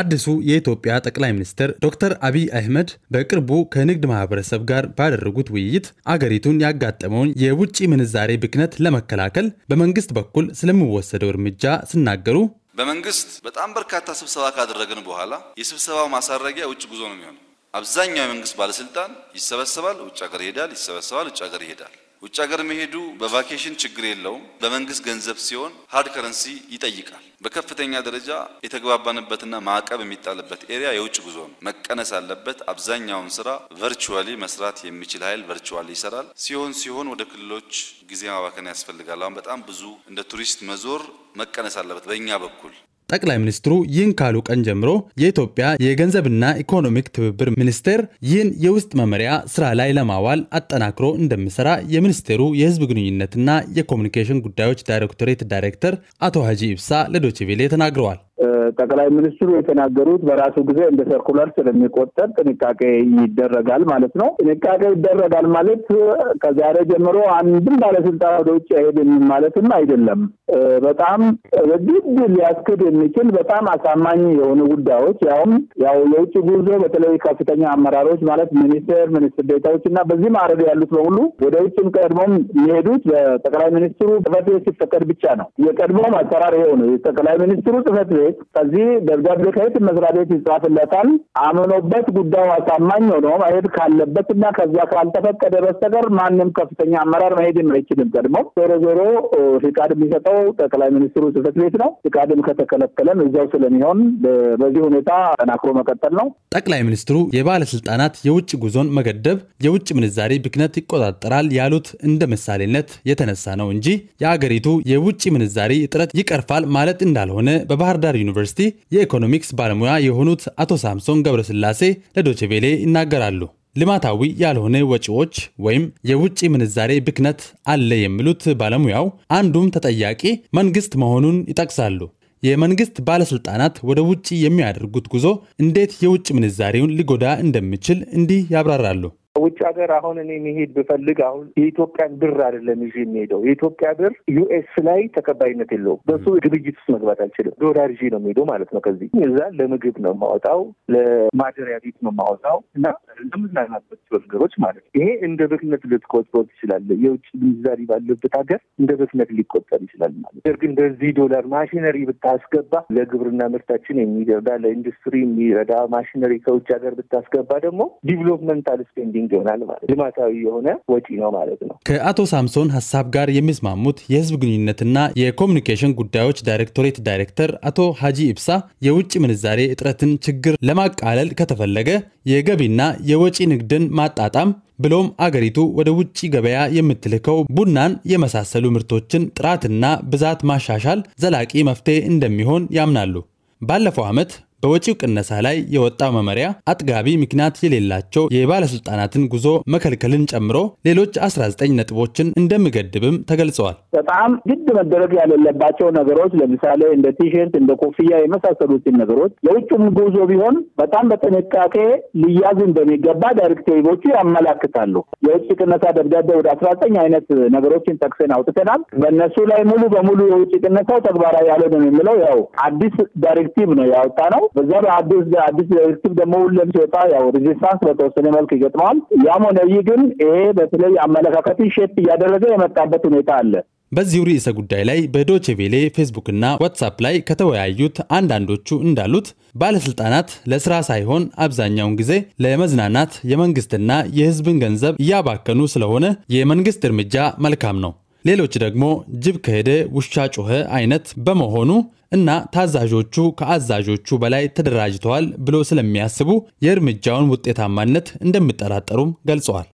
አዲሱ የኢትዮጵያ ጠቅላይ ሚኒስትር ዶክተር አብይ አህመድ በቅርቡ ከንግድ ማህበረሰብ ጋር ባደረጉት ውይይት አገሪቱን ያጋጠመውን የውጭ ምንዛሬ ብክነት ለመከላከል በመንግስት በኩል ስለሚወሰደው እርምጃ ሲናገሩ በመንግስት በጣም በርካታ ስብሰባ ካደረግን በኋላ የስብሰባው ማሳረጊያ ውጭ ጉዞ ነው የሚሆነው። አብዛኛው የመንግስት ባለስልጣን ይሰበሰባል፣ ውጭ ሀገር ይሄዳል፣ ይሰበሰባል፣ ውጭ ሀገር ይሄዳል። ውጭ ሀገር መሄዱ በቫኬሽን ችግር የለውም። በመንግስት ገንዘብ ሲሆን ሀርድ ከረንሲ ይጠይቃል። በከፍተኛ ደረጃ የተግባባንበትና ማዕቀብ የሚጣልበት ኤሪያ የውጭ ጉዞ ነው፣ መቀነስ አለበት። አብዛኛውን ስራ ቨርቹዋሊ መስራት የሚችል ኃይል ቨርቹዋሊ ይሰራል። ሲሆን ሲሆን ወደ ክልሎች ጊዜ ማባከን ያስፈልጋል። አሁን በጣም ብዙ እንደ ቱሪስት መዞር መቀነስ አለበት በእኛ በኩል ጠቅላይ ሚኒስትሩ ይህን ካሉ ቀን ጀምሮ የኢትዮጵያ የገንዘብና ኢኮኖሚክ ትብብር ሚኒስቴር ይህን የውስጥ መመሪያ ስራ ላይ ለማዋል አጠናክሮ እንደሚሰራ የሚኒስቴሩ የህዝብ ግንኙነትና የኮሚኒኬሽን ጉዳዮች ዳይሬክቶሬት ዳይሬክተር አቶ ሀጂ ኢብሳ ለዶችቬሌ ተናግረዋል። ጠቅላይ ሚኒስትሩ የተናገሩት በራሱ ጊዜ እንደ ሰርኩላር ስለሚቆጠር ጥንቃቄ ይደረጋል ማለት ነው። ጥንቃቄ ይደረጋል ማለት ከዛሬ ጀምሮ አንድም ባለስልጣን ወደ ውጭ አይሄድም ማለትም አይደለም። በጣም በግድ ሊያስክድ የሚችል በጣም አሳማኝ የሆኑ ጉዳዮች ያውም ያው የውጭ ጉዞ በተለይ ከፍተኛ አመራሮች ማለት ሚኒስቴር፣ ሚኒስትር ዴታዎች እና በዚህ ማዕረግ ያሉት በሙሉ ወደ ውጭም ቀድሞም የሚሄዱት በጠቅላይ ሚኒስትሩ ጽህፈት ቤት ሲፈቀድ ብቻ ነው። የቀድሞም አሰራር ይኸው ነው። የጠቅላይ ሚኒስትሩ ጽህፈት ቤት ቤት ከዚህ ደብዳቤ ከየት መስሪያ ቤት ይጻፍለታል። አምኖበት ጉዳዩ አሳማኝ ሆኖ መሄድ ካለበት እና ከዚያ ካልተፈቀደ በስተቀር ማንም ከፍተኛ አመራር መሄድ አይችልም። ቀድሞ ዞሮ ዞሮ ፍቃድ የሚሰጠው ጠቅላይ ሚኒስትሩ ጽህፈት ቤት ነው። ፍቃድም ከተከለከለም እዚያው ስለሚሆን በዚህ ሁኔታ ጠናክሮ መቀጠል ነው። ጠቅላይ ሚኒስትሩ የባለስልጣናት የውጭ ጉዞን መገደብ የውጭ ምንዛሬ ብክነት ይቆጣጠራል ያሉት እንደ ምሳሌነት የተነሳ ነው እንጂ የአገሪቱ የውጭ ምንዛሬ እጥረት ይቀርፋል ማለት እንዳልሆነ በባህር ዳር ዩኒቨርሲቲ የኢኮኖሚክስ ባለሙያ የሆኑት አቶ ሳምሶን ገብረስላሴ ለዶችቬሌ ይናገራሉ። ልማታዊ ያልሆነ ወጪዎች ወይም የውጭ ምንዛሬ ብክነት አለ የሚሉት ባለሙያው አንዱም ተጠያቂ መንግስት መሆኑን ይጠቅሳሉ። የመንግስት ባለስልጣናት ወደ ውጭ የሚያደርጉት ጉዞ እንዴት የውጭ ምንዛሬውን ሊጎዳ እንደሚችል እንዲህ ያብራራሉ። ውጭ ሀገር አሁን እኔ መሄድ ብፈልግ አሁን የኢትዮጵያን ብር አይደለም ይዤ የሚሄደው። የኢትዮጵያ ብር ዩኤስ ላይ ተቀባይነት የለውም። በሱ ግብይት ውስጥ መግባት አልችልም። ዶላር ይዤ ነው የሚሄደው ማለት ነው። ከዚህ እዛ ለምግብ ነው የማወጣው፣ ለማደሪያ ቤት ነው የማወጣው እና ለምዝናናባቸው ነገሮች ማለት ነው። ይሄ እንደ ብክነት ልትቆጥረው ትችላለህ። የውጭ ምንዛሪ ባለበት ሀገር እንደ ብክነት ሊቆጠር ይችላል ማለት ነገር ግን በዚህ ዶላር ማሽነሪ ብታስገባ ለግብርና ምርታችን የሚረዳ ለኢንዱስትሪ የሚረዳ ማሽነሪ ከውጭ ሀገር ብታስገባ ደግሞ ዲቨሎፕመንታል ስፔንዲንግ ይሆናል ማለት ልማታዊ የሆነ ወጪ ነው ማለት ነው። ከአቶ ሳምሶን ሀሳብ ጋር የሚስማሙት የህዝብ ግንኙነትና የኮሚኒኬሽን ጉዳዮች ዳይሬክቶሬት ዳይሬክተር አቶ ሀጂ ኢብሳ የውጭ ምንዛሬ እጥረትን ችግር ለማቃለል ከተፈለገ የገቢና የወጪ ንግድን ማጣጣም ብሎም አገሪቱ ወደ ውጭ ገበያ የምትልከው ቡናን የመሳሰሉ ምርቶችን ጥራትና ብዛት ማሻሻል ዘላቂ መፍትሄ እንደሚሆን ያምናሉ። ባለፈው ዓመት በወጪው ቅነሳ ላይ የወጣ መመሪያ አጥጋቢ ምክንያት የሌላቸው የባለስልጣናትን ጉዞ መከልከልን ጨምሮ ሌሎች 19 ነጥቦችን እንደሚገድብም ተገልጸዋል። በጣም ግድ መደረግ ያሌለባቸው ነገሮች ለምሳሌ እንደ ቲሸርት፣ እንደ ኮፍያ የመሳሰሉትን ነገሮች የውጭም ጉዞ ቢሆን በጣም በጥንቃቄ ሊያዝ እንደሚገባ ዳይሬክቲቮቹ ያመላክታሉ። የውጭ ቅነሳ ደብዳቤ ወደ 19 አይነት ነገሮችን ጠቅሰን አውጥተናል። በእነሱ ላይ ሙሉ በሙሉ የውጭ ቅነሳው ተግባራዊ ነው የሚለው ያው አዲስ ዳይሬክቲቭ ነው ያወጣ ነው። በዛ በአዲስ አዲስ ርክብ ደግሞ ሁሌም ሲወጣ ያው ሬዚስታንስ በተወሰነ መልክ ይገጥመዋል። ያም ሆነ ይህ ግን ይሄ በተለይ አመለካከት ሼፕ እያደረገ የመጣበት ሁኔታ አለ። በዚሁ ርዕሰ ጉዳይ ላይ በዶቼ ቬሌ ፌስቡክና ዋትሳፕ ላይ ከተወያዩት አንዳንዶቹ እንዳሉት ባለስልጣናት ለስራ ሳይሆን አብዛኛውን ጊዜ ለመዝናናት የመንግስትና የህዝብን ገንዘብ እያባከኑ ስለሆነ የመንግስት እርምጃ መልካም ነው። ሌሎች ደግሞ ጅብ ከሄደ ውሻ ጮኸ አይነት በመሆኑ እና ታዛዦቹ ከአዛዦቹ በላይ ተደራጅተዋል ብሎ ስለሚያስቡ የእርምጃውን ውጤታማነት እንደሚጠራጠሩም ገልጸዋል።